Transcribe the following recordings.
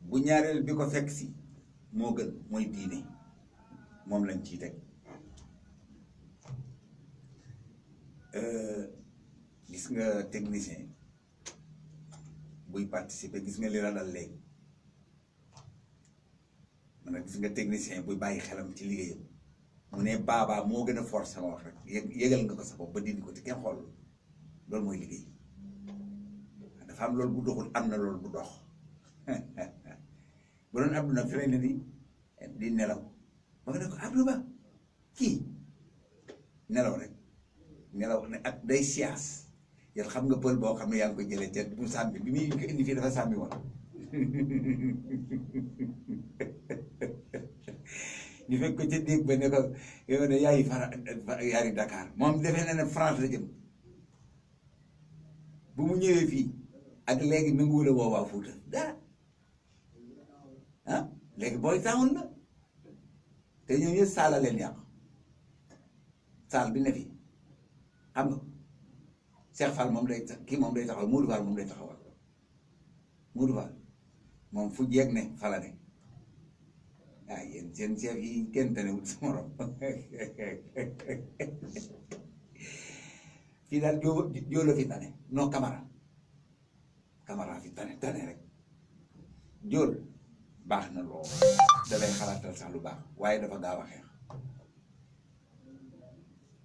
bu ñaareel bi ko fekk si moo gën mooy diine moom lañ ciy teg euh, gis nga technicien buy participer gis nga li la dal léegi man a gis nga technicien buy bàyyi xelam ci liggéeyam mu ne baabaa moo gën a force sama wax rek yëgal nga ko sa bopp ba dindi ko te kenn xool loolu mooy liggéey dafa am loolu bu doxul am na loolu bu dox ba abdu nag fi lay eh, di nelaw ba nga ko abdu ba ki nelaw rek nelaw ne ak day sias ya xam nga pël bo xam ne yang ko jele ci bu sambi bi mi ko indi fi dafa sambi won ni fek ko ci dégg ba ne ko yow ne yaayi fara yaari Dakar mom defé na France la jëm bu mu ñëwé fi ak légui mi ngi wula woowaa Fuuta da ah léegi booy saawun la te ñoom ñëpp saala yàq saal bi ne fi xam nga Cheikh moom day kii moom day taxawal Moudou Fall moom day taxawal Moudou moom fu jeeg ne fala ne ah yéen seen chef yi kenn tanewul sa morom fii daal joo joo la fi tane non Camara Camara fi tane tane rek jool baax na lool dalay xalaatal sax lu baax waaye dafa gaaw a xeex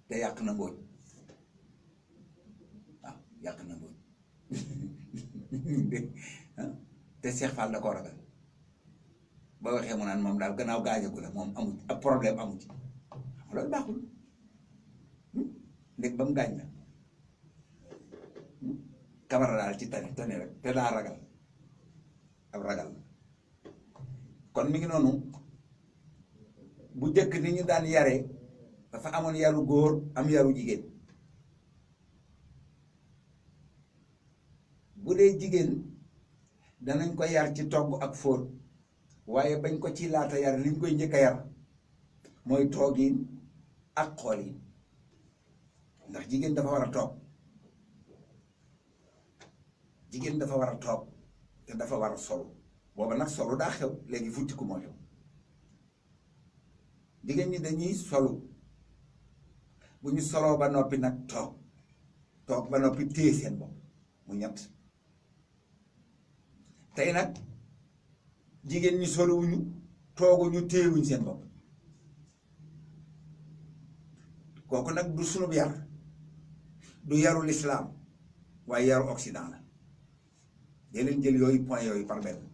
te yàq na ngooñ waaw yàq na ngooñ ah? te Seex Fall da koo ragal ba waxee mu naan moom daal gannaaw gaañagu la moom amu ab problème amu ci xam loolu baaxul hmm? ndeg ba mu gaañ la hmm? kamara daal ci tane tane rek te daa ragal ab ragal kon mi ngi nonu bu jekk ni ñu daan yare dafa amone yaru goor am yaru jigen bu jigen jigéen nañ ko yar ci togg ak foor waye bañ ko ci laata yar liñ koy ñëk yar moy togin ak xoli ndax jigen dafa war a jigen dafa war a te dafa war solo. booba nag solu daa xew léegi futtiku moo xew jigéen ñi dañuy solu bu ñu soloo ba noppi nag toog toog ba noppi téye seen bopp mu ñett tey nag jigéen ñi soluwuñu tooguñu téyewuñu seen bopp kooku nag du sunub yar du yaru islaam waaye yaru occident la dee leen jël yooyu point yooyu par benn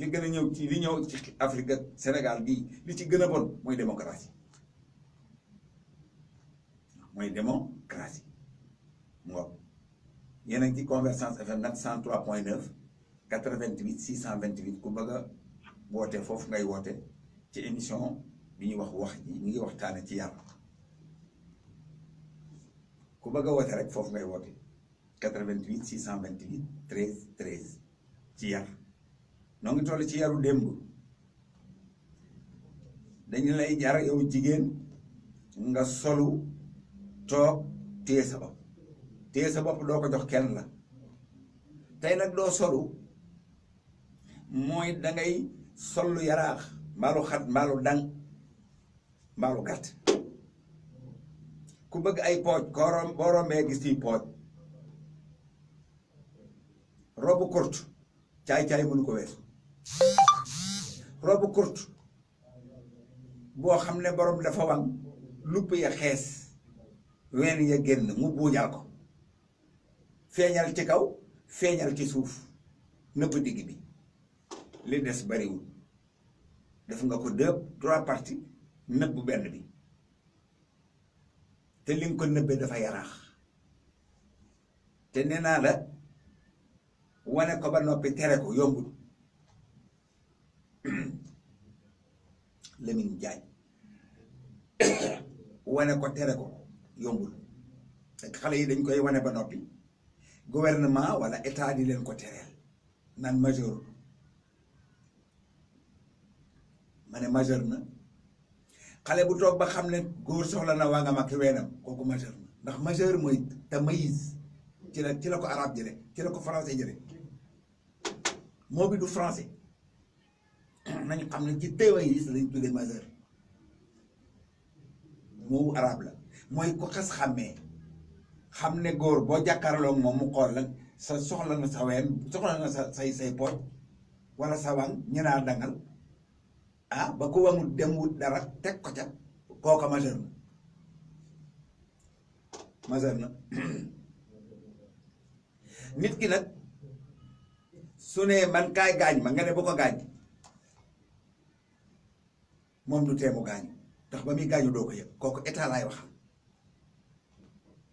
li gëna ñëw ci li ñëw ci Afrique Sénégal bi li ci gëna bon moy démocratie moy démocratie mo yéne a une ci conversation FM 903.9 88 628 ku bëgg a woote ngay woté ci émission bi ñuy wax wax ji ñu ngi waxtane ci ku rek ngay 88 628 13 13 ci noo ngi toll ci yaru demb dañ lay jar yow jigen nga solu tok tey sa bop tey sa bop do ko jox kenn la tey nag solo solu da ngay sollu yarax malu khat mbaalu dang malu gat ku bëgg ay poj koorom borom gis ci poj robu kurt cai cai mënu ko robe courte boo xam ne borom dafa wan lupp ya xees ween ya génn mu buujal ko feeñal ci kaw feeñal ci suuf nëpp digg bi li des bariwul def nga ko deux trois parties nëbb benn bi te li nga ko nëbbee dafa yaraax te nee naa la wane ko ba noppi tere ko yombul Lamine Diagne wane ko tere ko yombul fekk xale yi dañ koy wane ba noppi gouvernement wala état di leen ko tereel naan majeur ma ne majeur na xale bu toog ba xam ne góor soxla na waa nga mag weenam kooku majeur na ndax majeur mooy tamayis ci la ci la ko arabe jële ci la ko français jële moo bi du français nañ xam ne ci teewaay yi lañ tuddee majeur moowu arab la mooy ko xas xàmmee xam ne góor boo jàkkaarloo moom mu xool la sa soxla nga sa ween soxla nga sa say say pooj walla sa waŋ ñu dangal ah, ba ko wamul dem wut dara teg ko ca kooka majeur na majeur na nit ki nag su ne man kaay gaañ ma nga ne bu ko gaañ moom du teemu gaañu ndax ba muy gaañu doo ko yëg kooku état laay waxal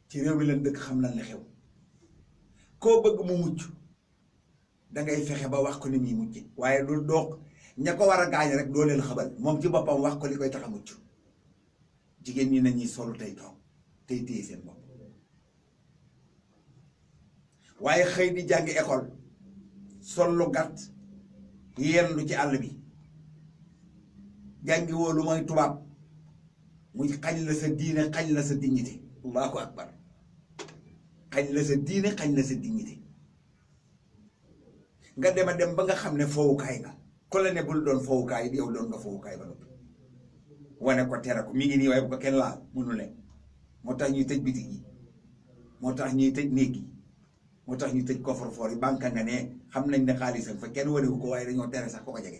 ci réew mi leen dëkk xam na li xew koo bëgg mu mucc dangay fexe ba wax ko ni muy mucc waaye du doog ña ko war a gaañ rek doo leen xabal moom ci boppam wax ko li koy tax a mucc jigéen ñi nañuy solu tey toog tey téye seen bopp waaye xëy di jàngi école sol lu gàtt yenn lu ci àll bi jàngi woo lu mooy tubaab mu xañ la sa diine xañ la sa dignité allahu akbar xañ la sa diine xañ la sa dignité nga dem a dem ba nga xam ne fowukaay nga ko la ne bul doon fowukaay bi yow doon nga fowukaay ba noppi wane ko tere ko mi ngi nii waaye bu ko kenn laal mënu leen moo tax ñuy tëj bitig moo tax ñuy tëj néeg yi moo tax ñu tëj coffre-fort yi banque nga ne xam nañ ne xaalisam fa kenn wane ko waaye dañoo tere sax ko ko jege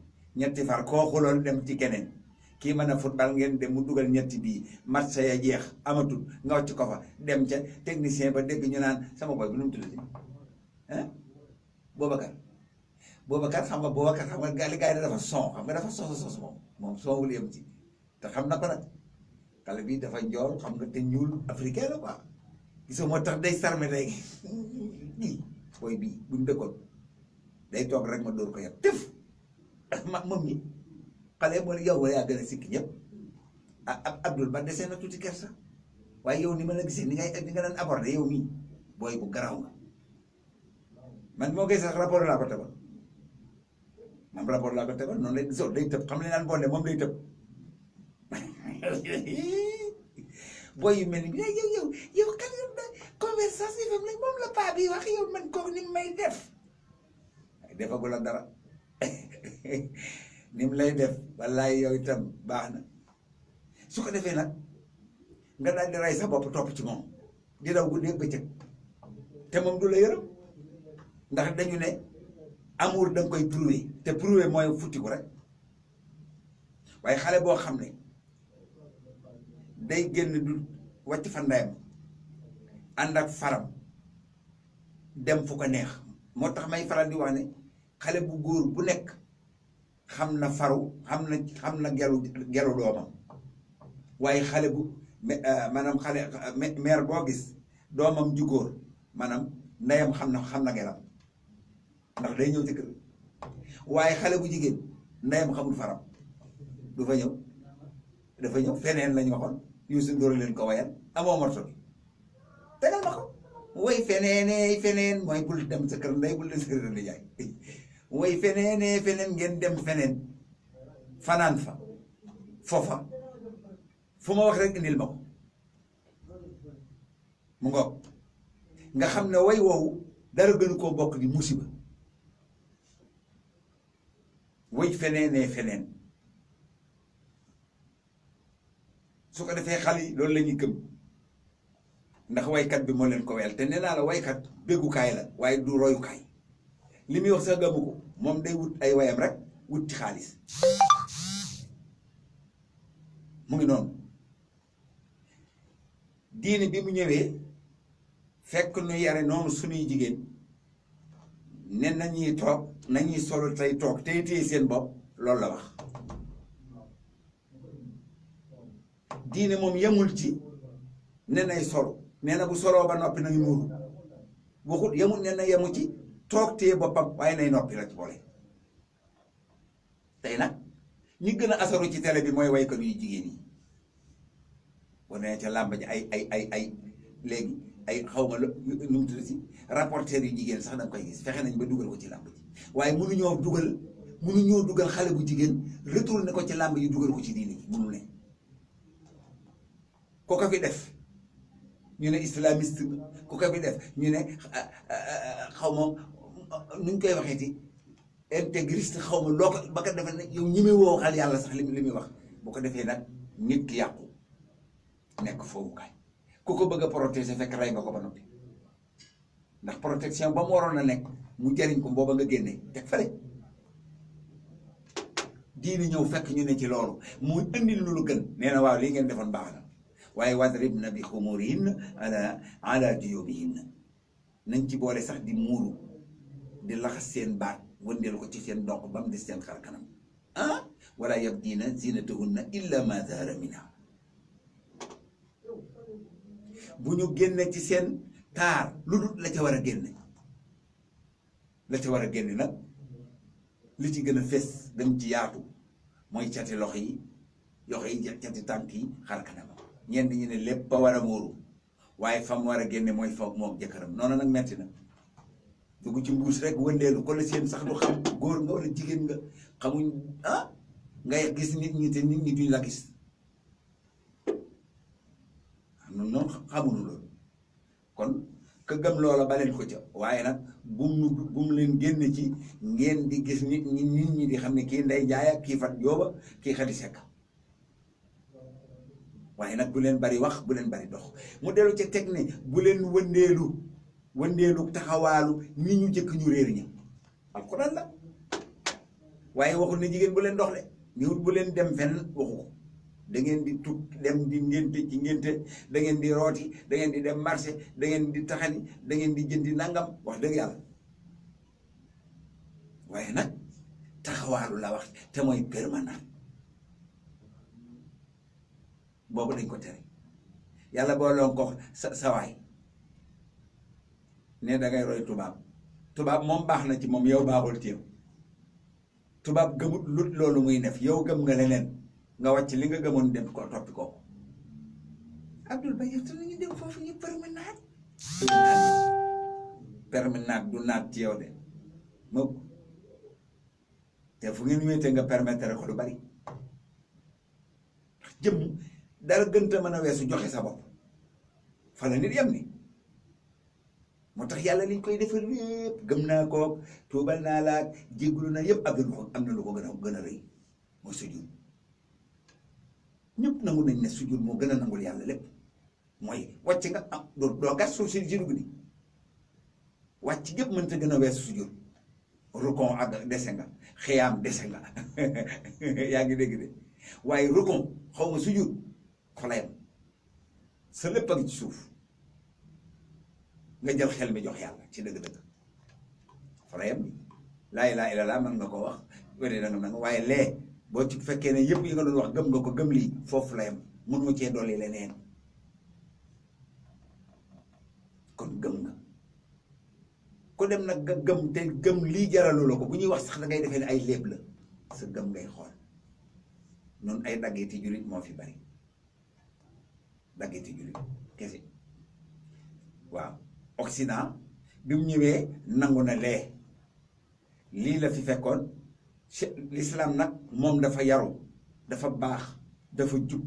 ñetti far koo xuloon dem ci keneen kii mën a football ngeen dem mu dugal ñetti bii match ya jeex amatul nga wàcc ko fa dem ca technicien ba dégg ñu naan sama boy bi nu mu tuddati ah Boubacar Boubacar xam nga Boubacar xam nga li gars yi dafa son xam nga dafa sos sos moom moom son yem ci te xam na ko nag xale bi dafa njool xam nga te ñuul africain la quoi gisoo tax day sarme léegi bii booy bii buñ dëkkoon day toog rek ma dóor ko yem tëf ma moom mi xale moo yow yaa a sikki ñëpp ah Abdoul ba na tuuti kersa waaye yow ni ma la gisee ni ngay ni nga daan aborder yow mii booy bu garaaw nga man moo koy sax rapport laa ko tebal man rapport laa ko tebal noonu lay so day tëb xam ne naan boole moom lay tëb booy yu mel ni yow yow yow yow kan la conversation yi moom la paa bi wax yow man kooku ni may def defagul ak dara. ni lay def wallaay yow itam baax na su ko defee nag nga daal di rey sa bopp topp ci moom di daw guddeeg bëccëg te moom du la yërëm ndax dañu ne amour da nga koy prouver te prouver mooy futtiku rek waaye xale boo xam ne day génn du wàcc fa ndayam ànd ak faram dem fu ko neex moo tax may faral di wax ne xale bu góor bu nekk xam na faru xam na xam na gelu gelu doomam waaye xale bu maanaam xale mère boo gis doomam ju góor maanaam ndeyam xam na xam na gelam ndax day ñëw ci kër waaye xale bu jigéen ndeyam xamul faram du fa ñëw dafa ñëw feneen lañ waxoon Youssou Ndour leen ko wayal amoo morto bi tegal ma ko way feneenee feneen mooy bul dem sa kër ndey bul dem sa kër di jaay way feneenee feneen ngeen dem feneen fanaan fa foofa fu ma wax rek indil ma ko mu ngoog nga xam ne way woowu dara gënu koo bokk di musiba way feneenee feneen su ko defee xal yi loolu la ñuy gëm ndax waykat bi moo leen ko wel te nee naa la waykat béggukaay la waaye du royukaay li muy wax sax gàmmu moom day wut ay wayam rek wut xaalis mu ngi noon diine bi mu ñëwee fekk nu yare noonu suñuy jigéen ne nañuy toog nañuy solo tey toog tey téye seen bopp loolu la wax diine moom yamul ci ne ay solo nee na bu soloo ba noppi nañu muuru waxut yemul ne na yemu toog téye boppam waaye nay noppi la ci boole tey nag ñi gën a asaru ci télé bi mooy waykat yu jigéen yi boo nee ca làmb ji ay ay ay ay léegi ay xaw ma nu mu tudd si rapporteur yi jigéen sax da nga koy gis fexe nañ ba dugal ko ci làmb ji waaye mënuñoo dugal mënuñoo dugal xale bu jigéen retourné ko ci làmb yi dugal ko ci diini ji mënu ne ko ko def ñu ne islamiste ko ko fi def ñu ne ah, ah, ah, xaw ma nu ñu koy waxee ci intégriste xaw ma loo ko ba ko defee nag yow ñi muy woo waxal sax li li muy wax bu ko defee nag nit ki yàqu nekk foofu kaay ku ko bëgg a protéger fekk rey nga ko ba noppi ndax protection ba mu waroon na nekk mu jariñ ko ba nga génne teg fële diini ñëw fekk ñu ne ci loolu mu indi lu lu gën nee na waaw lii ngeen defoon baax na waaye wadrib na bi xumurihinna ala ala juyubihinna nañ ci boole sax di muuru di laxas seen baat wëndeel ko ci seen doq ba mu des seen xar kanam ah wala yabdiina zinatahunna illa ma zahara minha bu ñu génne ci seen taar lu dul la ca war a génne la ca war a génne nag li ci gën a fees dem ci yaatu mooy cati loxo yi yoxo yi cati tànk yi xar kanamam ñenn ñi ne lépp a war a móoru waaye fam war a génne mooy fa moom jëkkëram noonu nag metti na dugg ci mbuus rek wëndeelu ko la sax du xam góor nga wala jigéen nga xamuñ ah ngay gis nit ñi te nit ñi duñ gis am ah, na noonu xamuñu loolu kon ka loola baleen ko ca waaye nag bum leen génn ci ngeen di gis nit ñi nit ñi di xam ne ki nday jaay ak kii fat yooba kii xadi sekk waaye nag bu leen bari wax bu leen bari dox mu dellu ca teg ne bu leen wëndeelu lu taxawalu ni ñu jëk ñu réer ña alquran la waye waxu ne jigen bu len dox le. ñëwul bu len dem fenn waxu da ngeen di tub dem di ngénte ci ngénte da ngeen di roti da ngeen di dem marché da ngeen di taxani da ngeen di jëndi nangam wax deug yalla waye nak taxawalu la wax te moy permanent bobu dañ ko téré yalla bo ko sa way ne dangay roy tubaab tubaab moom baax na ci moom yow baaxul ci tubaab gëmut lut loolu muy def yow gëm nga leneen nga wàcc li nga gëmoon dem ko toppi ko Abdoul Baye yëpp nañu dem foofu ñu permanent permanent du naat ci yow de mukk te fu ngeen wéete nga permettre ko lu bari jëm dara gënta na a weesu joxe sa bopp fa la nit yem ni moo tax yàlla liñ koy defal lépp gëm naa koog tuubal naa laag jéggulu naa yëpp am na lu ko am na lu gën a gën a rëy mooy sujud ñëpp nangu nañ ne sujud moo gën a nangul yàlla lépp mooy wàcc nga am ah, doo doo gas suuf si jiw bi wàcc gépp mënta gën a weesu sujud rukon ak dese nga xiyaam dese nga yaa ngi dégg de waaye rukon xaw ma sujud fa sa lépp a ngi ci suuf. nga jël xel mi jox yàlla ci dëgg-dëgg frère bi laa ilaaha illallaah mën nga ko wax wér nangam nangam waaye lee boo ci fekkee ne yëpp yi nga doon wax gëm nga ko gëm lii foofu la yem mënuma cee dolli leneen kon gëm nga ku dem nag nga gëm te gëm lii jaraloo la ko bu ñuy wax sax da ngay defee ne ay léeb la sa gëm ngay xool noonu ay daggiti jullit moo fi bari daggiti jullit kese waaw occident bi mu ñëwee nangu na lee la fi fekkoon l'islam nak mom dafa yaru dafa bax dafa jub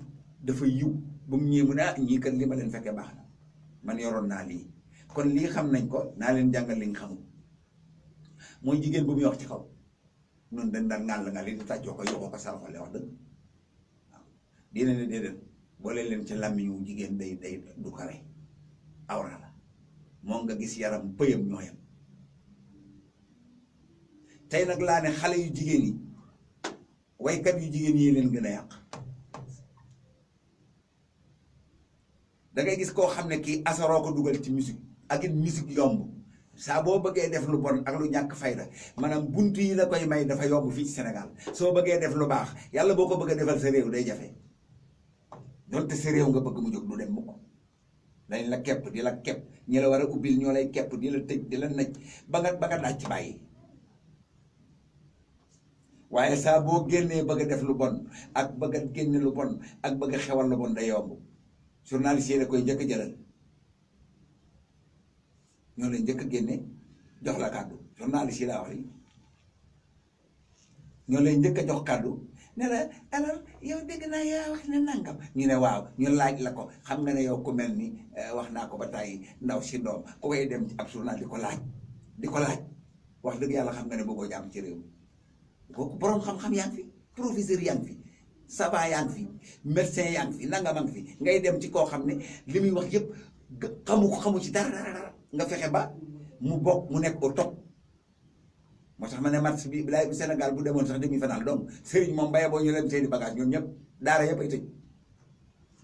dafa yu ba mu ñëwee mu ne ah ñii li ma leen fekké baax man yoron na li kon li xam nañ ko na leen jangal li xam moy jigen bu mu wax ci xaw non dañ dal ngàll nga li ta ko ko le wax dina ne bo leen ci wu day day du kare awra monga nga gis yaram beuyam ñoyam tay nak laa ne xale yu jigeen yi kat yu jigeen yi leen gëna yaq da ngay gis ko xamne ki asaro ko duggal ci musique ak musique yomb sa bo bëggee def lu bon ak lu ñak fayda manam buntu yi la koy may dafa yomb fi ci Sénégal so bëggee def lu bax yalla boko ko defal sa réew day jafé donte sa réew nga bëgg mu jox du dem dañ la kepp di la kepp ñi la war a ubbil ñoo lay kepp di la tëj di la nëj ba nga ba ci bàyyi waaye saa boo génnee bëgg a def lu bon ak bëgg a génne lu bon ak bëgg a xewal lu bon day yomb journaliste yi da koy njëkk a jëlal ñoo lay njëkk a génne jox la kàddu journaliste yi laa wax yi ñoo lay njëkk a jox kàddu ne la yow dégg naa yaa wax ne nangam ñu ne waaw ñu laaj la ko xam nga ne yow ku mel ni euh, wax naa ko ba tàyyi ndaw si ndoom ko koy dem ci ab journal di ko laaj di ko laaj wax dëgg yàlla xam nga ne bëggoo jàmm ci réew mi kooku borom xam-xam yaa fi proviseur yaa ngi fi savant yaa fi médecin yaa ngi fi nangam fi ngay dem ci koo xam ne li muy wax yëpp xamu xamu ci dara dara nga fexe ba mu bokk mu nekk au top. moo tax ma ne match bi bilaay bi Sénégal bu demoon sax demi-finale donc Serigne moom baye boo ñu leen seeni bagage ñoom ñëpp daara yëpp ay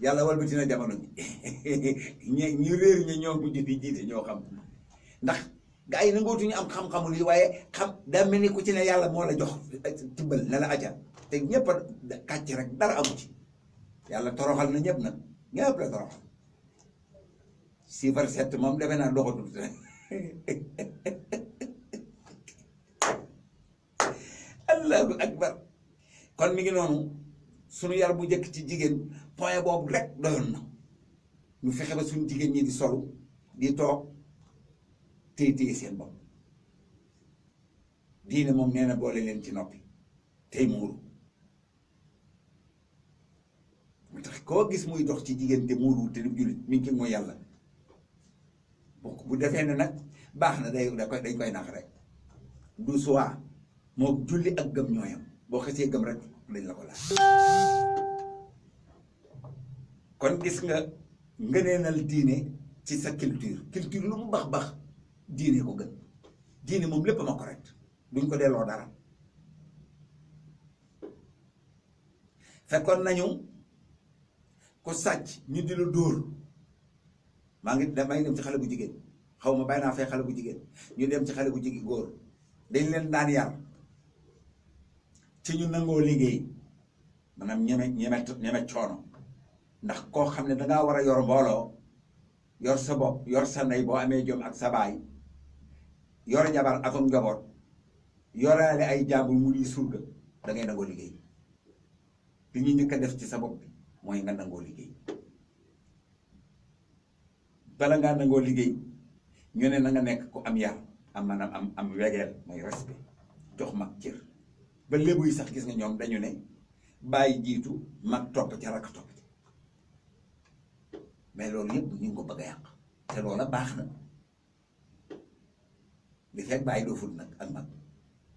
yàlla walbati na jamono ji ñu réer ñi ñoo mujj di jiite ñoo xam ndax am xam-xamul waaye xam daa mel ni ku ci yàlla moo la jox eh, tibbal ne la aja te ñëpp a kàcc rek dara amu ci yàlla toroxal na ñëpp nag ñëpp la toroxal si par moom defe naa doxatul allahu akbar kon mi ngi noonu suñu yar bu njëkk ci jigéen point boobu rek doyoon na ñu fexe ba suñu jigéen ñi di solu di toog téye téye seen bopp diine moom nee na boole leen ci noppi tey muuru mu tax koo gis muy dox ci jigéen te muuru te du jullit mi ngi ci yàlla bu bu defee ne nag baax na day da koy dañ koy nax rek du suwaa mo julli ak gëm ñoyam bo xese gëm rek lañ la ko laaj kon gis nga ngeneenal diine ci sa culture culture lu bax bax diine ko gën diine mom lepp ma correct duñ ko delo dara fekkoon nañu ko sacc ñu di lu door ma ngi damay dem ci xalé bu jigéen xawma bayna fay xalé bu jigéen ñu dem ci xalé bu jigéen góor dañ leen daan yar ci ñu nangoo liggéey maanaam ñeme ñeme ñeme coono ndax koo xam ne dangaa war a yor mbooloo yor sa bopp yor sa nay boo amee jom ak sa baay yor jabar atum njaboot yoraale ay a mu di surga da ngay nangoo liggéey li ñu njëkk def ci sa bopp bi mooy nga nangoo liggéey bala ngaa nangoo liggéey ñu ne na nekk ku am yar am maanaam am am wegeel mooy respect jox mag cër ba lébu sax gis nga ñoom dañu ne bàyyi jiitu mag topp ca rakk topp ca mais loolu yëpp ñu ko bëgg a yàq te a baax na li fekk bàyyi dooful nag ak mag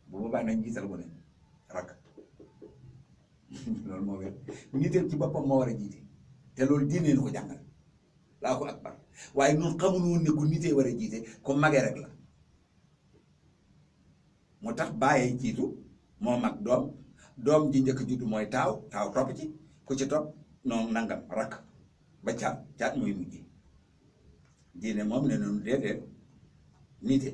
bu boobaa nañ jiital bu ne rakk loolu moo wér niteel ci boppam moo war a jiite te loolu diine na ko jàngal laa ko akbar waaye ñun xamul woon ne ku nitee war a jiite ku magee rek la moo tax bàyyee jiitu moo mag doom doom ji njëkk juddu mooy taaw taaw topp ci ku ci topp noonu nangam rakk ba ca caat mooy mujj diine moom ne noonu déedéet nite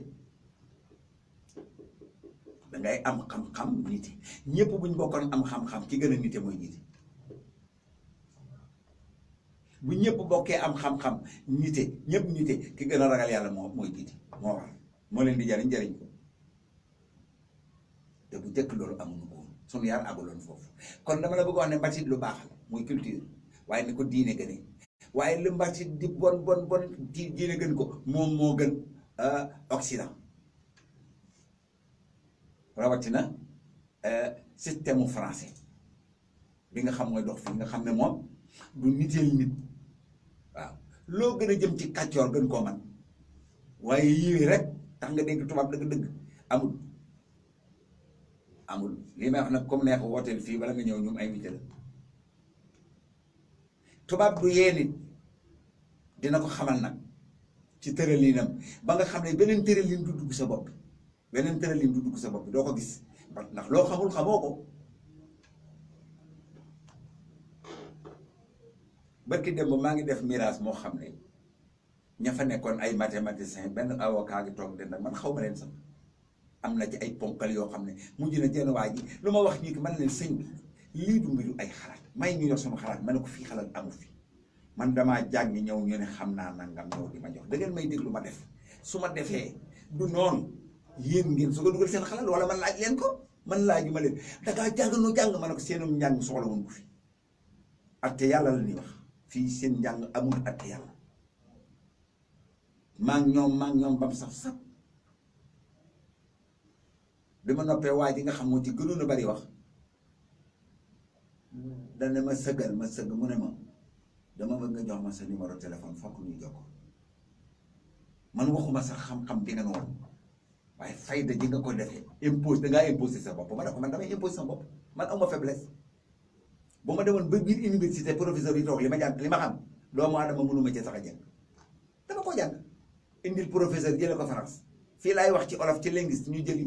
dangay am xam-xam nite ñëpp buñ ki gën a nite mooy bu ñëpp bokkee am xam-xam nite ñëpp nite ki gën a ragal yàlla moo mooy nite moo war moo leen di jariñ jariñ bu njëkk loolu amuñu ko woon sunu yar àggaloon foofu kon dama la bëgg wax ne mbatit lu baax la muy culture waaye ni ko diine gëne waaye lu mbatit di bon bon bon diine gën ko moom moo gën euh, Occident rawatina euh, système français bi nga xam nga dox fi nga xam ne moom du niteel nit waaw loo gën a jëm ci kàccoor gën koo man waaye yii rek tax nga dégg tubaab dëgg-dëgg amul. amul li may wax nag comme neex wooteel fii bala nga ñëw ñum ay mujjë la tubaab du yee dina ko xamal nag ci tëralinam ba nga xam ne beneen tëralin du dugg sa bopp beneen tëralin du dugg sa doo ko gis ndax loo xamul xamoo ko dem ba maa ngi def miraas moo xam ne ña fa nekkoon ay mathématicien benn avocat gi toog den nag man xaw ma leen sax amna na ci ay ponkal yo xamne ne mujj na jenn waaji ji wax ni man len señ li du mbiru ay xalat may ñu yor sama xalat man ko fi xalat amu fi man dama jàng ñew ñu ne na naa nangam ñëw di ma jox da ngeen may déglu ma def suma defé du non yeen ngeen su ko duggal seen xalat wala man laaj len ko man laaj ma len da ngaa jàng no jang man ko seenum ñang soxla woon ko fi atte yalla la ni wax fi seen njàng amul atte bam sax saf bi ma noppee waa ji nga xam moo ci gënoon a bari wax dana ma sëggal ma sëgg mu ne ma dama bëgg nga jox ma sa numéro téléphone fokk ñu jokkoo man waxuma sax xam-xam bi nga noonu waaye fayda ji nga ko defee impose dangaa imposé sa bopp ma ne ko man damay imposé sa bopp man aw ma faiblesse bu ma demoon ba biir université professeur yi toog li ma jàng li ma xam doomu aadama mënuma ci sax a jàng dama ko jàng indil professeur jële ko France fii laay wax ci olof ci linguiste ñu jëli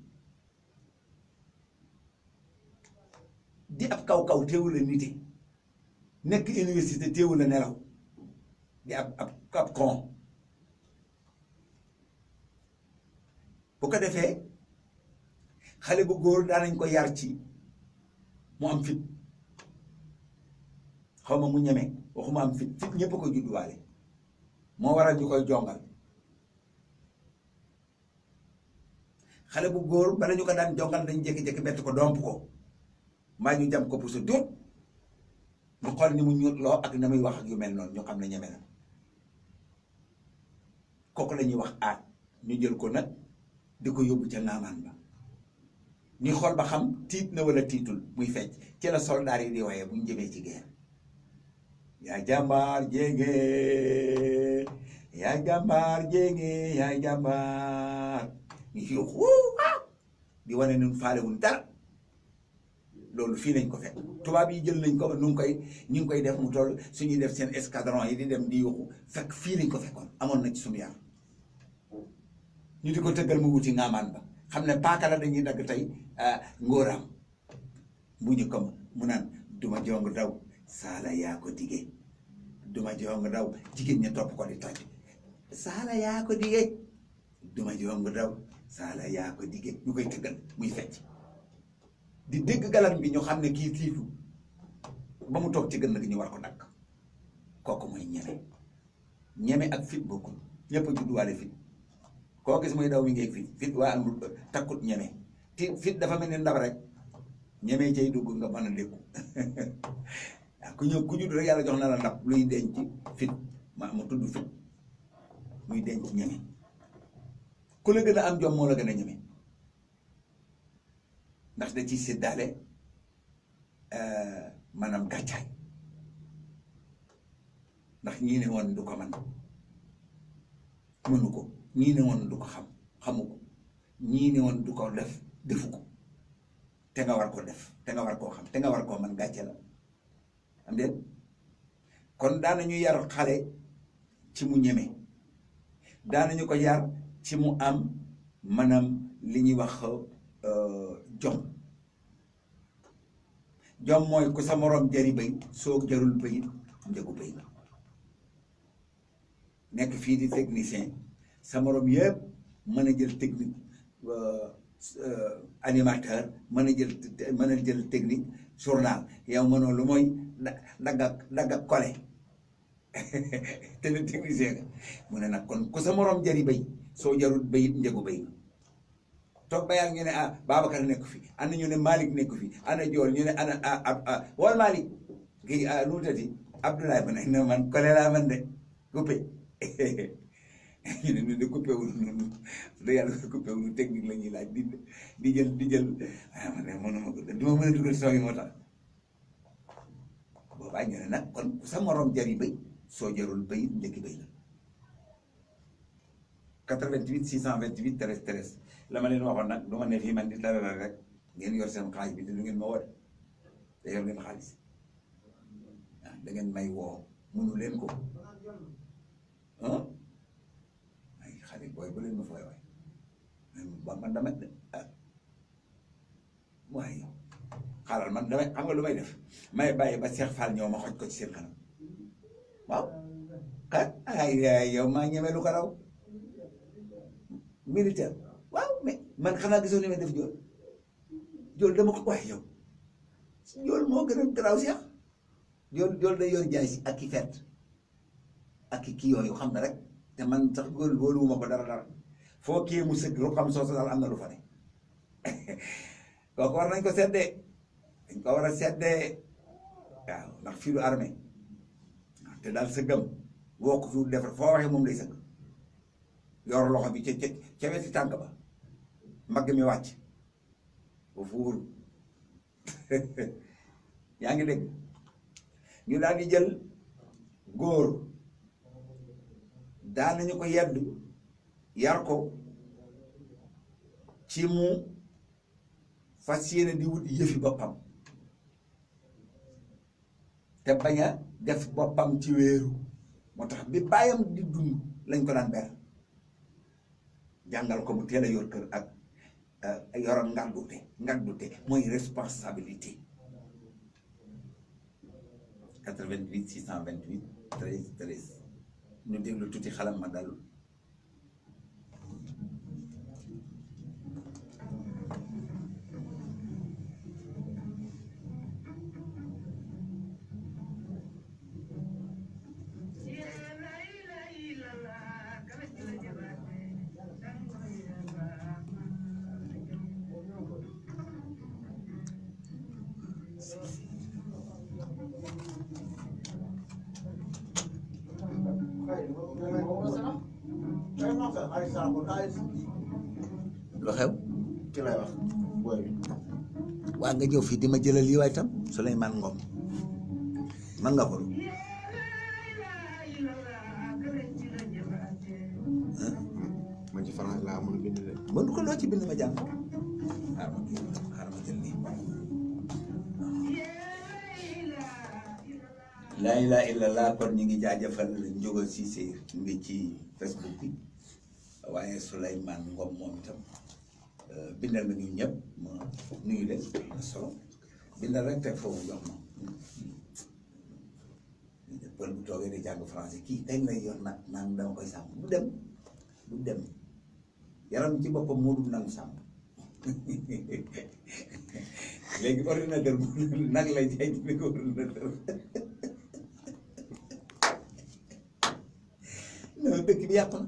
di ab kaw-kaw téewul a nite nekk université téewul a nelaw di ab ab ab kon ko defee xale bu góor daanañ ko yar ci moo am fit xaw ma mu ñeme waxuma am fit fit ñëpp ko judduwaale moo waral ñu koy jongal xale bu góor bala ñu ko daan jongal dañ jekki jékki bett ko domp ko maa ñu jam ko pour sa dóot ñu xol ni mu ñu lo ak namay wax ak yu mel non ñu xam ne ñeme na koku lañuy wax a ñu jël ko nak diko ko ci ca ba ñu xol ba xam tit na wala titul muy fecc ci la soldat yi di waye bu ñu ci guerre ya jambar jenge ya jambar jéege ya jambar ñu ah! di wane nun faalewun dara loolu fii lañ ko fekk tubaab yi jël nañ ko nu koy ñu ngi koy def mu tol su suñuy def seen escadron yi di dem di yuuxu fekk fii lañ ko fekkoon amoon na ci suñu ñu di ko tëggal mu wuti ngaamaan ba xam ne paaka la dañuy dagg tey ah, ngóoraam mu ñu ko mu naan duma jong daw saala yaa ko digee duma jong daw jigéen ña topp ko di toj saala yaa ko digee duma jong daw saala yaa ko digee ñu koy tëggal muy fecc di dégg galan bi ñu xam ne kii tiitu ba mu toog ci gën nag ñu war ko nag kooku mooy ñeme ñeme ak fit bokkul ñëpp a judduwaale fit koo gis muy daw mi ngeeg fit fit waa am euh, takkut ñeme ti fit dafa mel ni ndab rek ñeme cay dugg nga mën a dékku ku ñëw ku judd rek yàlla jox na la ndab luy denc fit maa mu tudd fit muy denc ñeme ku la gën a am jom moo la gën a ñeme ndax da ci séddaale euh, maanaam gàccaay ndax ñii ne woon du ko man mënu ko ñii ne woon du ko xam xamu ko woon du ko def defu ko te nga war ko def te nga war koo xam te nga war koo man gàcce la am déet kon daanañu yar xale ci mu ñeme daanañu ko yaar ci mu am maanaam li ñuy wax euh, jom jom mooy ku sa moroom jari bëy soog jarul bëyit njëgu bëy nekk fii di technicien sa moroom yëpp mën a jël technique euh, animateur mën a jël mën jël technique journal yow mënoo lu mooy dagg ak dagg ak kole te le technicien mu ne nag kon ku sa moroom jari bëy soo jarul bëyit njëgu bëy topbayal ñu ne ah Babacar nekk fi ana ñu ne Malick nekk fi ana Jool ñu ana ah, ah, ah wal malik. gi ah nu mu tëddi Abdoulaye man ne man kole man de coupé ñu ne ñu de coupé wu ñu noonu yalla ko coupé wu technique lañuy laaj di di jël di jël ah man de mënuma ko du ma mën a dugal soo yi moo tax boobaa ñu kon sa morom jari bay so jarul bay ndek bay 88 628 13 13 la ma leen waxoon nag du ma ne fii man di talal rek ngeen yor seen xaaj bi te du ngeen ma woote te yor ngeen xaalis ah, ngeen may woo munu leen ko ah ay xale booy bu leen ma fooy waay ba man dama ah waaye xaaral man damay xam nga lu may def may bàyyi ba Cheikh Fall ñëw ma xoj seen kanam waaw ah ay yow maa ñeme lu waaw mais man xanaa gisoo ni may def jool jool dama ko wax yow jool moo gën a garaaw jool ah. jool day yor jaay si ki fett ak ki kii yooyu xam na rek te man sax góor wóoluwuma ko dara dara foo kii mu sëgg lu xam soosu daal am na lu fa nañ ko seddee dañ ko war a seddee waaw ndax fii du armée te daal sëggam woo ko fi defar foo waxee moom lay sëgg loxo bi ca ca ca ba. mag mi wàcc ba fuuru yaa ngi ñu daal di jël goor daal nañu ko yedd yar ko ci mu fasiyene di wut yëfi boppam te baña def boppam ci wéeru motax bi bayam di dund lañ ko daan ber jangal ko mu teel yor kër ak Euh, yoro une grande responsabilité 88 628 13 13 Nous devons tout faire ma Madalou. lu xew. waa nga ñëw fii di ma jëlal lii waay tam Souleymane Ngom man nga ko lu man ci France laa mën ko loo ci bind ma jàng xaaral ma jël xaaral ma laa ilaa ilaa laa kon ñu ngi jaajëfal Ndiogou Cissé ngi ci Facebook bi waaye Souleymane Ngom moom itam euh, bindal ma ñun ñëpp ma nuyu leen ma solo bindal rek teg foofu jox ma pël bu toogee di jàng français kii kañ lay yor nag naan dama koy sàmm du dem du dem yaram ci boppam moo dul nangu sàmm léegi ordinateur nag lay jaay di ko ordinateur non dëkk bi yàqu na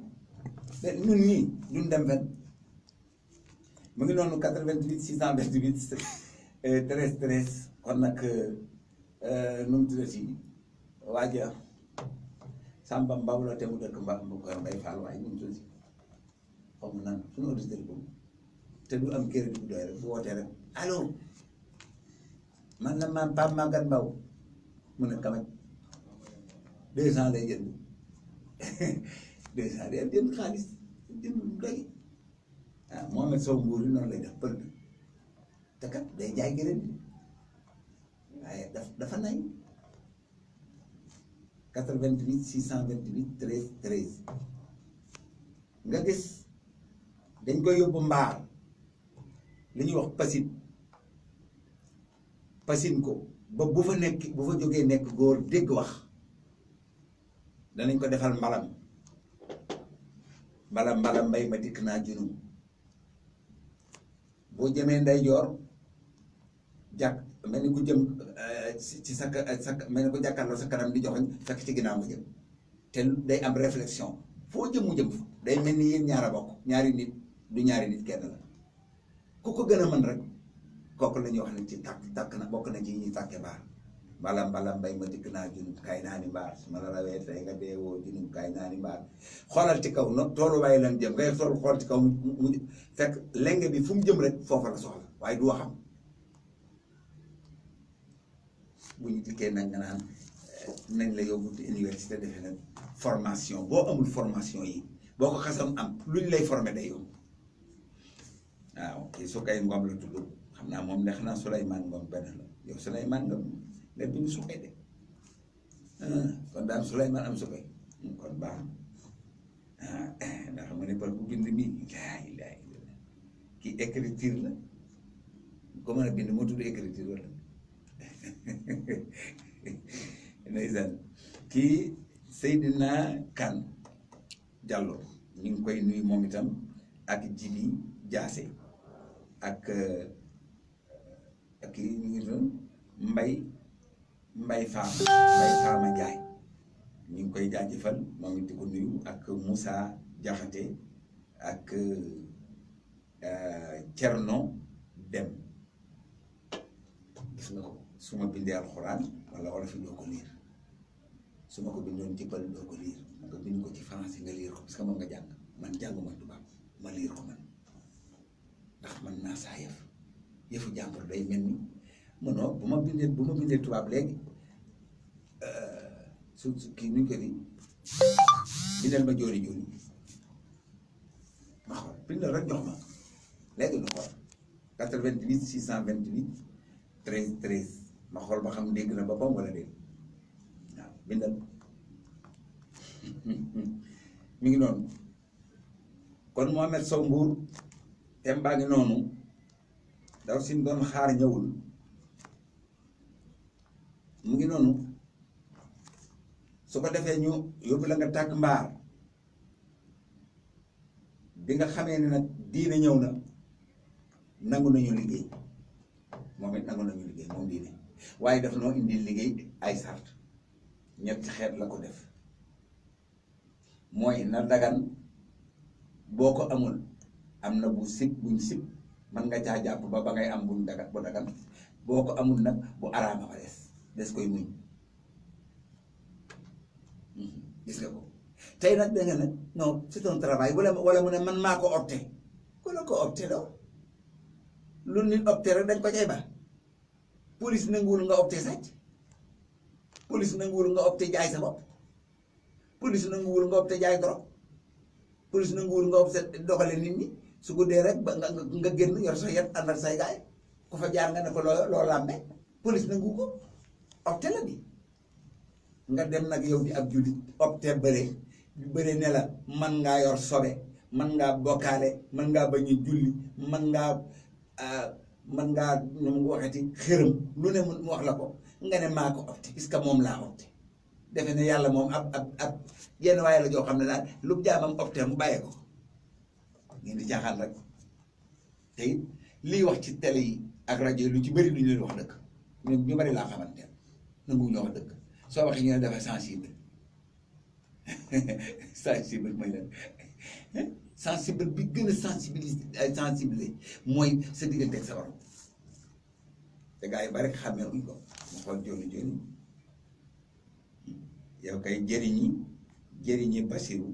te ñun ñii duñ dem fen mu ngi noonu 88 628 13 13 kon nag euh, nu mu tuddati waaja Samba Mbaw la te mu dëkk Mbaw Mbokar Mbay Fall waaye nu mu tuddati xaw ma naan suñu auditeur te du am kër bu doy rek bu wootee rek allo man la maam Pape Maguette Mbaw mu ne kamaj deux cent lay jënd deux cent day am jënd xaalis dindum doy Mohamed Sow Mbouri noonu lay def pël bi te kat day jaay gëréem bi waaye daf dafa nay 88 628 13 13 nga gis dañ pasin pasin ko ba bu fa nekk bu fa jógee nekk góor dégg mbala mbala mbay ma dikk naa junub boo jëmee ndeyjoor jàkk mel ni ku jëm eh, ci sa eh, sa mel ni ku jàkkaarloo sa kanam di joxoñ sa ci ginnaaw nga jëm te day am réflexion foo jëm jëm day mel ni ñaar a bokk ñaari nit du ñaari nit kenn ku ko gën a mën rek kooku la ñuy wax ne ci tàkk tàkk na bokk na ci ñuy tàkkee baax mbalam mbalam bay ma dikk naa junub kaay naa ni su ma la rawee tey nga deewoo junub kaay naa ni mbaar xoolal ci kaw no toolu bàyyi lan jëm ngay tool xool ci kaw mu fekk lenge fu mu jëm rek foofa la soxla waaye du waxam bu ñu dikkee nag nga naan eh, nañ la yóbbu université defe nag formation boo amul formation yi boo ko xasam am luñ lay forme day yomb waaw kii su kay ngom la tudd xam naa moom ne xanaa Souleymane Ngom benn la yow Souleymane Ngom le bin Sukai deh. Ah, Kondam Sulaiman am suke kon ba nah, ne bal bu bind mi laa ilaa ilaa ki écriture la ko mana a bind moo tudd écriture wala ndeysaan ki Seydina Kan Diallo ñu ngi koy nuyu moom itam ak Jibi Jaase ak ak ñu ngi Mbay Mbaye Fama Mbaye Fama jaay ñu ngi koy jaajëfal moom it di Musa nuyu ak Moussa Diakhaté ak Cherno Dem gis nga ko su ma bindee wala wala fi doo ko liir su ma ko bindon ci pël doo ko liir nga bind ko ci français nga lire ko parce que moom nga jang man janguma tuba ma lire ko man ndax man na saa yëf yëfu day melni non bu ma bindee bu ma bindee tubaab léegi euh, su su kii nuñ ko di bindal ma jooni jooni ma xool bindal rek jox ma léegi nu xool quatre vingt huit six cent vingt huit treize treize ma xool ba xam dégg na boppam wala dégg waaw bindal mi ngi noonu kon Mohamed Sow Mbour thème baa ngi noonu daw sin doon xaar ñëwul mungkin nonu noonu su ko defé ñu yobul la nga tak mbar bi nga xamé ni nak diine ñew na nangu nañu liggéey moom nangu nañu liggéey mom diine waye daf no indi liggéey ay sart ci xéet la ko def moy na dagan boko amul amna bu sip buñ sip man nga ja japp ba ba ngay am buñ dagan bu dagan boko amul nak bu arama fa des des koy muñ mm-hmm. gis nga ko tey nag da nga ne non c'est un travail wala wala mu ne man maa ko opté ku la ko opté daw lu nit opté rek dañ ko cay ba police nanguwul nga opté sàcc police nga opté jaay sa bopp police nanguwul nga te jaay drogue police nanguwul nga opté doxale nit ñi su ko dee rek ba nga nga génn yor sa yet àndal say gaay ku fa jaar nga ne ko loo loo làmmee police nangu ko. opté la bi nga dem nag yow di ab jullit opté bëre ñu bëre ne la man ngaa yor sobe man ngaa bokkaale man ngaa bañ a julli man ngaa ah, man ngaa nu mu waxati xërëm lu ne mu wax la ko nga ne maa ko opté puisque moom laa opté defe ne yàlla moom ab ab ab waaye la joo xam ne laa lu jaamam opté mu bàyyee ko ngeen di jaaxal rek te lii wax ci télé yi ak rajo lu ci bëri lu ñu leen wax dëgg ñu bari laa xamante nangu ñoo wax dëgg soo waxee ñu ne dafa sensible sensible mooy lan sensible bi gën a sa diggante sa borom te ba rek xàmmee wuñ ko mu xool jooni jooni yow kay jëriñi jëriñi Basiru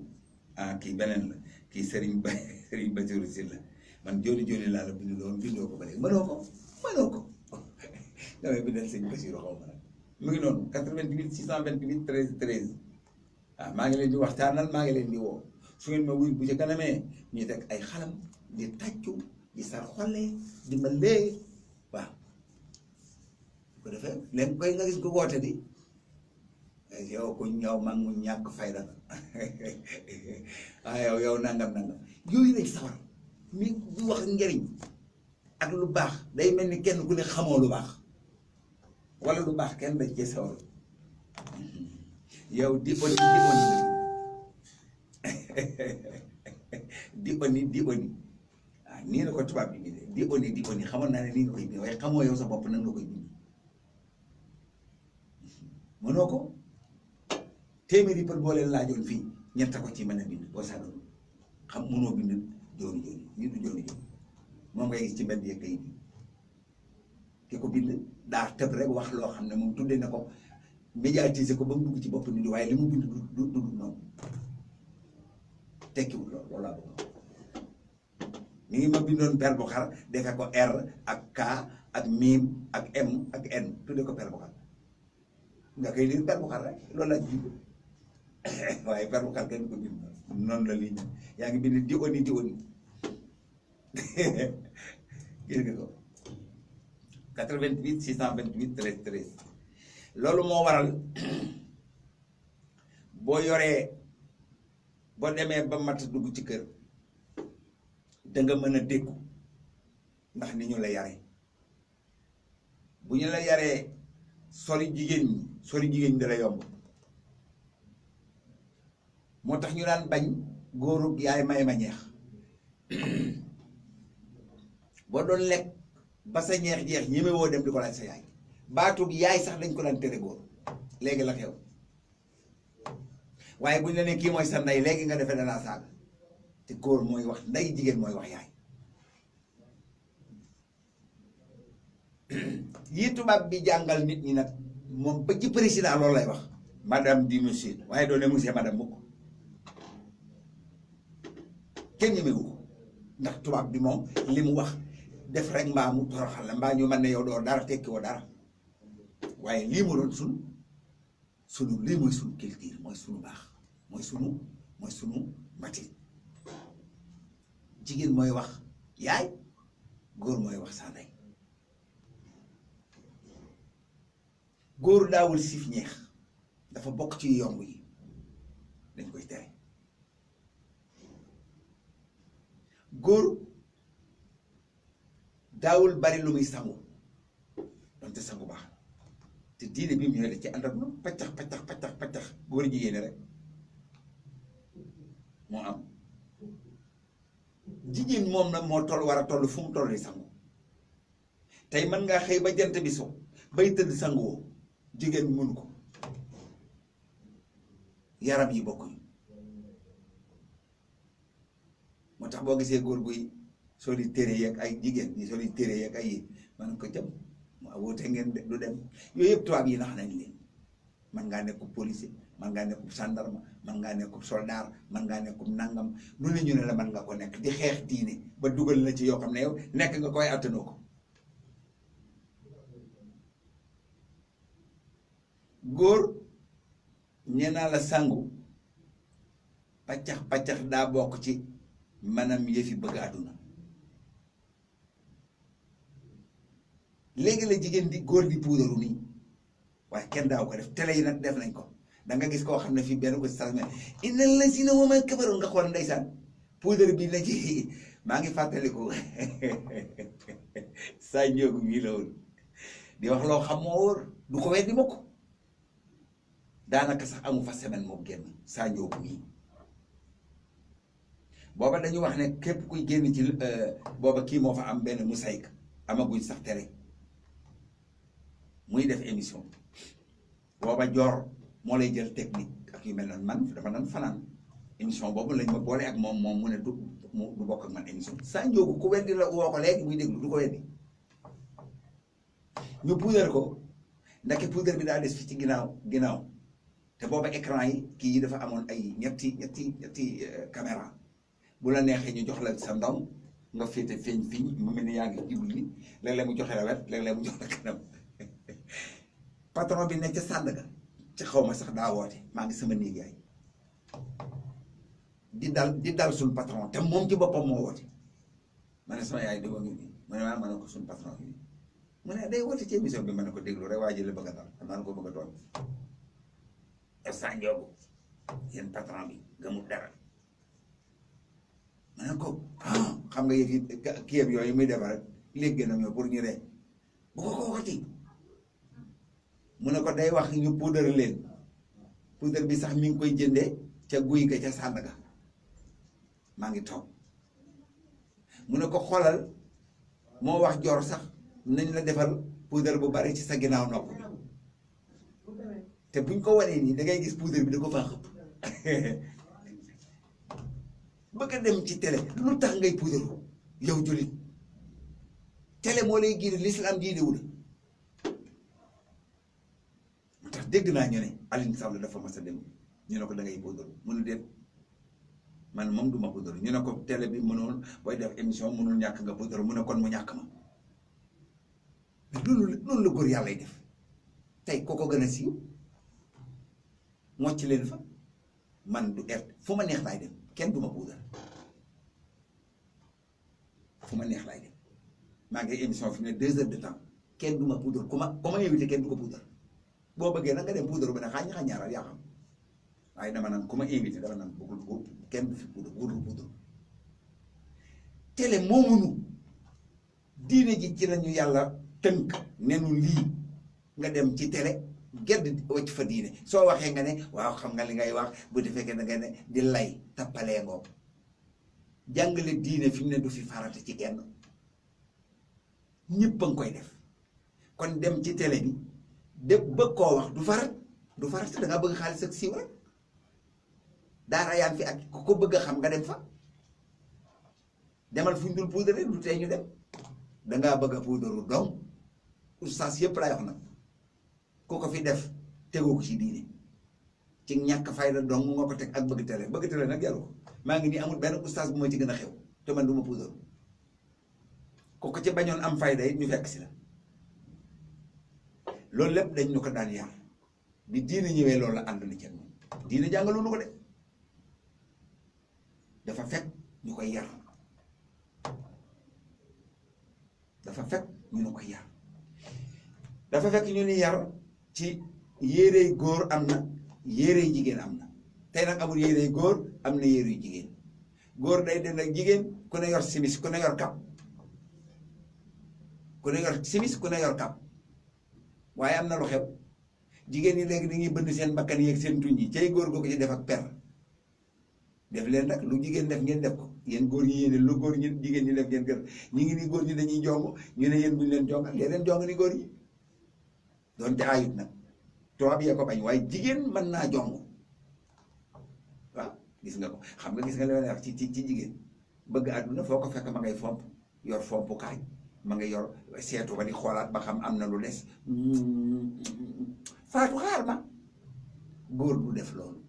ah kii beneen la kii sëriñ ba sëriñ Basiru si la man jooni jooni laa la bind loon ko ba léegi mënoo ko mënoo ko damay sëñ Basiru xaw ma mu ngi noonu 88 628 13 13 waaw maa ngi leen di waxtaanal maa ngi leen di woo su ngeen ma wuy bu ci kanamee ñu teg ay xalam di tàccu di sar xolle di ma lee waaw bu ko ko woote di yow ku ñëw ma mu ñàkk fayda ah yow yow nangam nangam yooyu lañ sawar mi du wax njëriñ ak lu baax day mel ni kenn ku ne xamoo lu baax wala du baax kenn dañ cee sawar yow di oni di oni di oni di oni waaw ah, nii la ko tubaab bi bindee di oni di oni xamoon naa nii nga koy bindee waaye xamoo yow sa bopp nan nga koy bindee mënoo ko téeméeri për boo leen laajoon fii ñett ko ci mën a bind boo saa xam mënoo bind jooni jooni moom ngay gis ci mbedd yeeg kayit yi ki ko bind da tëb rek wax lo xam ne moom tuddee na ko médiatiser ko ba mu dugg ci bopp nit waaye li mu bind du du noonu tekkiwul loolu bëgg ngi ma bindoon per bu xar defe ko R ak K ak miim ak M ak N tuddee ko per bu xar nga koy lire per bu xar rek loolu laa jiw waaye per bu xar kenn ko bind la lii yaa bind di oni di oni 88 628 13 13 loolu moo waral boo yoree boo demee ba mat dugg ci kër da mën a dékku ndax ni ñu la yare bu ñu la yaree sori jigéen ñi sori jigéen ñi da la yomb moo tax ñu daan bañ góorug yaay may ma ñeex boo doon lekk ba sa ñeex jeex ñeme dem di ko laaj sa yaay baatug yaay sax dañ ko daan tere góor léegi la xew waaye buñ la ne kii mooy sa ndey léegi nga defee danaa saaga te góor mooy wax ndey jigéen mooy wax yaay yi tubaab bi jàngal nit ñi nag moom ba ci président loolu lay wax madame di monsieur waaye doone monsieur madame mukk kenn ñemewu ko ndax tubaab bi moom li mu wax def rek mbaa mu toroxal la mbaa ñu mën ne yow doo dara tekki dara waaye lii mu doon sunu sunu lii mooy sunu culture mooy sunu baax mooy sunu mooy sunu jigéen mooy wax yaay góor mooy wax saa ndey góor daawul siif ñeex dafa bokk ci yomb yi dañ koy tere góor dawul bari lu muy sangu donte sangu baax te diine bi mu ñëw ci andak ak patax patax patax patax goor góor yene rek mo am jigéen mom na mo toll wara toll fu mu tolli sangu tay man nga xey ba jant bi so bay teud sangu mu ñu ko yaram yi bokku tax gisee goor guy soli téere yeeg ay jigéen ñi soli téere yeeg ay yi man ko jëm waaw woote ngeen du dem yooyu yëpp tubaab yi nax nañ leen man ngaa nekk policier man ngaa nekk gendarme man ngaa nekk soldat man ngaa nekk nangam lu ne ñu ne nga ko nekk di xeex diine ba dugal la ci yoo xam ne yow nekk nga koy attanoo ko góor ñee naa la sangu paccax paccax daa bokk ci maanaam yëfi bëgg àdduna léegi la jigéen di góor di puudaru nii waaye kenn daaw ko def télé yi nag def nañ ko danga gis koo xam ne fi benn ko sasme innal lazina wa man kafaru nga xool ndeysaan puudar bi na ci maa ngi fàttaliku saa njoogu mii la woon di wax loo xam moo wóor du ko weddi mukk daanaka sax amu fa semaine moom génn saa njoogu booba dañu wax ne képp kuy génn ci euh, booba kii moo fa am benn mu mosaïque amaguñ sax tere muy def émission booba joor moo lay jël technique ak yu mel na man dafa nan fanaan émission boobu lañ ma boole ak moom moom mu ne du du bokk ak man émission saa njóogu ku weddi la woo ko léegi muy déglu du ko weddi ñu puudar ko ndake puudar bi daa des fi ci ginnaaw ginnaaw te booba écran yi kii yi dafa amoon ay ñetti ñetti ñetti euh, caméra bu la neexee ñu jox la sa ndaw nga féete feeñ fiñ mu mel ni yaa ngi jibli léeg-léeg mu joxe la wet léeg-léeg mu jox la patron bi ci sand ga ci xawma sax da wote ma ngi sama néeg yaay di dal di dal sun patron te mom ci bopam mo wote mané sama yaay déggoo ngi mané ma mané ko sun patron ngi mané day wote ci émission bi mané ko deglu rek waji la bëgg dal xam ko bëgg doon e Sa ñogu yeen patron bi gamu dara mané ko ah, xam nga yëf kiyam yoy muy defar rek léegi gën pour ñu ree bu ko ko mu ne ko day wax ñu puudar leen puudar bi sax mi ngi koy jëndé ca guuy ga ca sànd ga maa ngi tok mu ne ko xolal mo wax jor sax nañ la défal puudar bu bari ci sa ginaaw nopp té te buñ ko wanee ni da ngay gis puudar bi da ko faa xëpp bëgg dem ci télé lu tax ngay puudaru yow jullit télé mo lay giir l'islam diinewul deg na ñu ne Alioune Sall dafa mas a dem ñu ne ko da ngay poudre mu ne déet man mom duma ma poudre ñu ne ko télé bi mënul boy def émission mënul ñak nga poudre mu ne kon mu ñak ma mais loolu loolu la gor yalla def tay koko gëna gën a siiw mocc leen fa man du ert fu ma neex lay dem kenn duma ma poudre fu ma neex lay dem ma ngay émission fi ne 2 heures de temps kenn duma ma poudre kuma ma ku invité kenn du ko poudre bo bëggee na nga budur bana kanya kanya xañ xañ ñaaral yaa xam waaye dama nan ku ma invité iya, gitu. dama naan bëggul ko kenn du fi poudre wóorul poudre télé moomunu diine ji ci lañu yalla teunk nenu li nga dem ci tele gedd wacc fa dine so waxe nga ne waaw xam nga li ngay wax bu di fekkee nga ne di lay tapale ngo jangale dine fi ne du fi farata ci kenn ñepp ngoy def kon dem ci tele bi de bëgg koo wax du farat du farat da nga bëgg xaalis ak siiw rek daara yaa fi ak ku ko bëgg a xam nga dem fa demal fu ñu dul puudare du tee ñu dem da ngaa bëgg a puudaru oustaz yëpp lay wax nag ku ko fi def tegoo ko ci diine ci ñàkk fayda dong moo ko teg ak ah, bëgg tele bëgg tele nag yàlla ko maa ngi nii amul benn oustaz bu ma ci gën a xew te man du ma puudaru ko ci bañoon am fayda it ñu fekk si la. loolu lépp dañ nu ko daan yar bi diine ñëwee loolu la ànd na kenn diine jàngaloon na ko de dafa fekk ñu koy yar dafa fekk ñu ne yar dafa fekk ñu ni ci yérey góor am na yérey jigéen am na tey nag amul yérey góor am na yérey jigéen góor day dem ak jigéen ku ne yor simis ku ne yor kap ku ne yor simis ku ne yor kap waye amna na lu xew ni leg ni ngi bënd seen bakkan ak seen tuñ yi cay góor goo ci def ak per def leen nak lu jigen def ngeen def ko yeen gor ñi yéen lu gor ñi jigen ñi leg ngeen gën ñi ngi ni gor ñi dañuy jong ñu ne yeen buñu leen jongal leen leen jong ni góor ñi don ayut nak tubaab ya ko bañ waye jigen man na jong wa gis nga ko xam nga gis nga li wax ci ci jigen bëgg aduna foko fekk ma ngay fomp yor fomp kaañ ma nga yor seetu ba di xoolaat ba xam amna lu des faatu xaar ma góor bu def loolu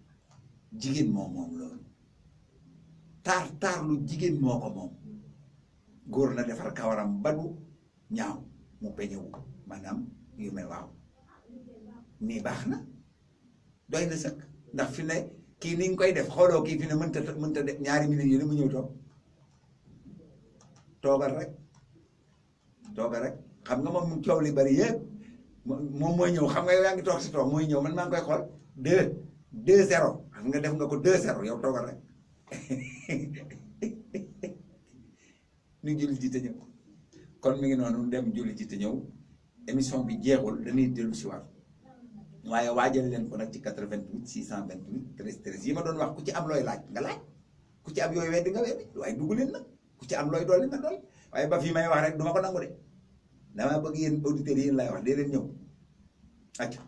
jigéen moom moom loolu tar tar lu jigin mo mo mo gur na defar kawaram ba du ñaaw mu peñewu maanaam yu me waaw nii baax na doy na sëkk ndax fi ne kii ni nga koy def xooloo kii fi ne mënta ñaari mu rek toog rek xam nga moom coow li bari yëpp moom mooy ñëw xam nga yow yaa ngi toog si toog mooy ñëw man maa ngi koy xool deux deux zéro xam nga def nga ko deux zéro yow toogal rek ñu julli ji te ñëw kon mi ngi noonu dem julli ji te ñëw émission bi jeexul dañuy dellu si waat waaye waajal leen ko nag ci 88 628 13 13 yi ma doon wax ku ci am looy laaj nga laaj ku ci am yooyu wedd nga wedd waaye dugg leen nag ku ci am looy dolli nga dolli waaye ba fii may wax rek duma ko nangu de damaa bëgg yéen auditeurs yéen laay wax dee leen ñëw acca